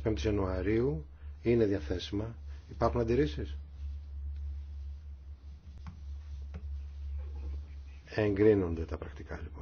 15 Ιανουαρίου είναι διαθέσιμα. Υπάρχουν αντιρρήσει. Εγκρίνονται τα πρακτικά λοιπόν.